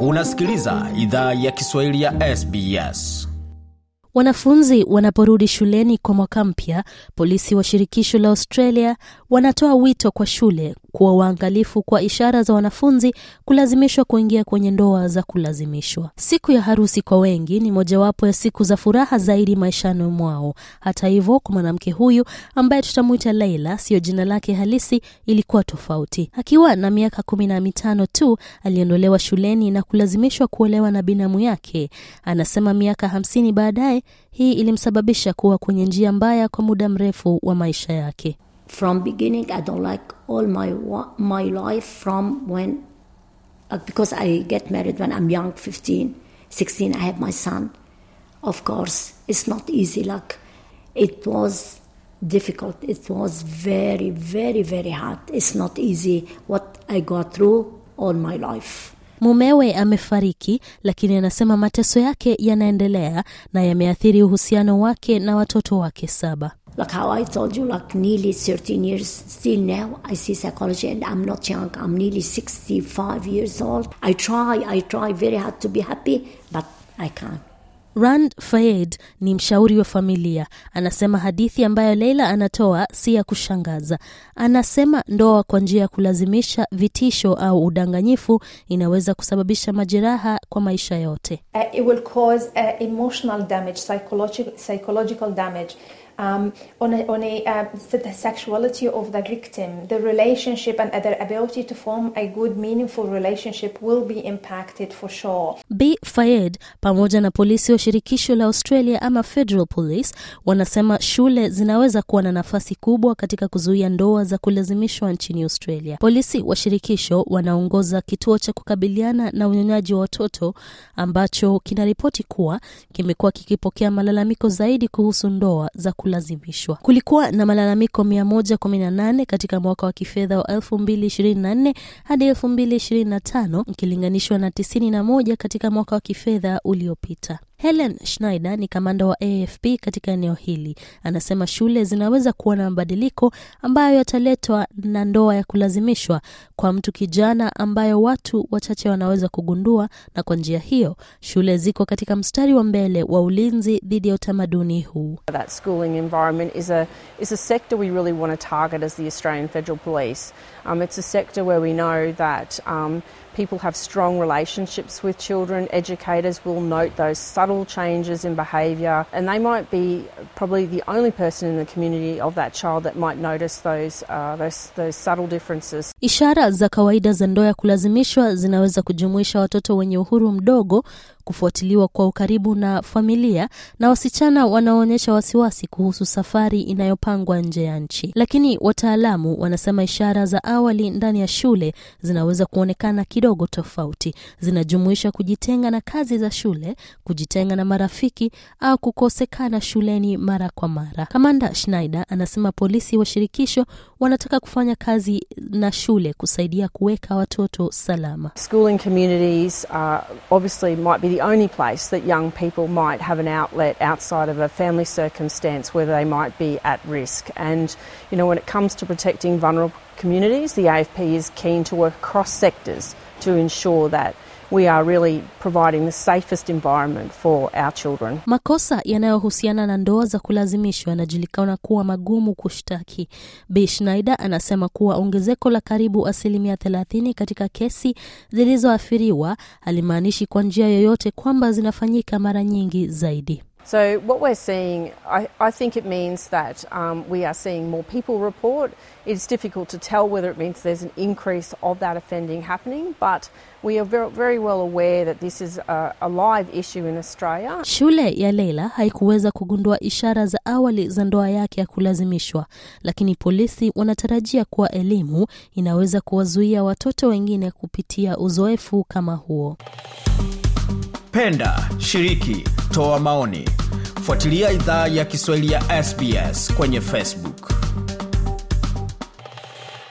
Unasikiliza idhaa ya Kiswahili ya SBS. Wanafunzi wanaporudi shuleni kwa mwaka mpya, polisi wa shirikisho la Australia wanatoa wito kwa shule kuwa waangalifu kwa ishara za wanafunzi kulazimishwa kuingia kwenye ndoa za kulazimishwa. Siku ya harusi kwa wengi ni mojawapo ya siku za furaha zaidi maishani mwao. Hata hivyo, kwa mwanamke huyu ambaye tutamwita Laila, siyo jina lake halisi, ilikuwa tofauti. Akiwa na miaka kumi na mitano tu aliondolewa shuleni na kulazimishwa kuolewa na binamu yake. Anasema miaka hamsini baadaye hii ilimsababisha kuwa kwenye njia mbaya kwa muda mrefu wa maisha yake. from beginning. I don't like all my my life from when uh, because I get married when I'm young, 15, 16. I have my son. Of course, it's not easy. Like it was difficult. It was very, very, very hard. It's not easy what I got through all my life. Mumewe amefariki, lakini anasema mateso yake yanaendelea na yameathiri uhusiano wake na watoto wake saba. Like how I told you, like nearly 13 years, still now I see psychology and I'm not young. I'm nearly 65 years old. I try, I try very hard to be happy, but I can't. Rand Faed ni mshauri wa familia. Anasema hadithi ambayo Leila anatoa si ya kushangaza. Anasema ndoa kwa njia ya kulazimisha, vitisho au udanganyifu inaweza kusababisha majeraha kwa maisha yote. Uh, it will cause, uh, emotional damage, psychological, psychological damage um, on a, on a uh, the sexuality of the victim, the relationship and their ability to form a good meaningful relationship will be impacted for sure. B Fayed pamoja na polisi wa shirikisho la Australia ama Federal Police wanasema shule zinaweza kuwa na nafasi kubwa katika kuzuia ndoa za kulazimishwa nchini Australia. Polisi wa shirikisho wanaongoza kituo cha kukabiliana na unyonyaji wa watoto ambacho kinaripoti kuwa kimekuwa kikipokea malalamiko zaidi kuhusu ndoa za kulazimishwa kulazimishwa. Kulikuwa na malalamiko 118 katika mwaka wa kifedha wa 2024 hadi 2025 ikilinganishwa na 91 katika mwaka wa kifedha uliopita. Helen Schneider ni kamanda wa AFP katika eneo hili, anasema shule zinaweza kuwa na mabadiliko ambayo yataletwa na ndoa ya kulazimishwa kwa mtu kijana, ambayo watu wachache wanaweza kugundua, na kwa njia hiyo shule ziko katika mstari wa mbele wa ulinzi dhidi ya utamaduni huu. That schooling environment is a, is a sector we really want to target as the Australian Federal Police. Um, it's a sector where we know that um, people have strong relationships with children, educators will note those subtle changes in behaviour, and they might be probably the only person in the community of that child that might notice those, uh, those, those subtle differences. Ishara za kawaida za ndoa ya kulazimishwa zinaweza kujumuisha watoto wenye uhuru mdogo kufuatiliwa kwa ukaribu na familia na wasichana wanaoonyesha wasiwasi kuhusu safari inayopangwa nje ya nchi. Lakini wataalamu wanasema ishara za awali ndani ya shule zinaweza kuonekana kidogo tofauti. Zinajumuisha kujitenga na kazi za shule, kujitenga na marafiki au kukosekana shuleni mara kwa mara. Kamanda Schneider anasema polisi wa shirikisho wanataka kufanya kazi na shule kusaidia kuweka watoto salama. Schooling communities are obviously might be the only place that young people might have an outlet outside of a family circumstance where they might be at risk. And, you know, when it comes to protecting vulnerable communities, the AFP is keen to work across sectors to ensure that we are really providing the safest environment for our children. Makosa yanayohusiana na ndoa za kulazimishwa yanajulikana kuwa magumu kushtaki. Bi Schneider anasema kuwa ongezeko la karibu asilimia thelathini katika kesi zilizoathiriwa halimaanishi kwa njia yoyote kwamba zinafanyika mara nyingi zaidi. So, what we're seeing, I, I think it means that um, we are seeing more people report. It's difficult to tell whether it means there's an increase of that offending happening, but we are very, very well aware that this is a, a live issue in Australia. Shule ya Leila haikuweza kugundua ishara za awali za ndoa yake ya kulazimishwa, lakini polisi wanatarajia kuwa elimu inaweza kuwazuia watoto wengine kupitia uzoefu kama huo. Penda, shiriki kutoa maoni. Fuatilia idhaa ya Kiswahili ya SBS kwenye Facebook.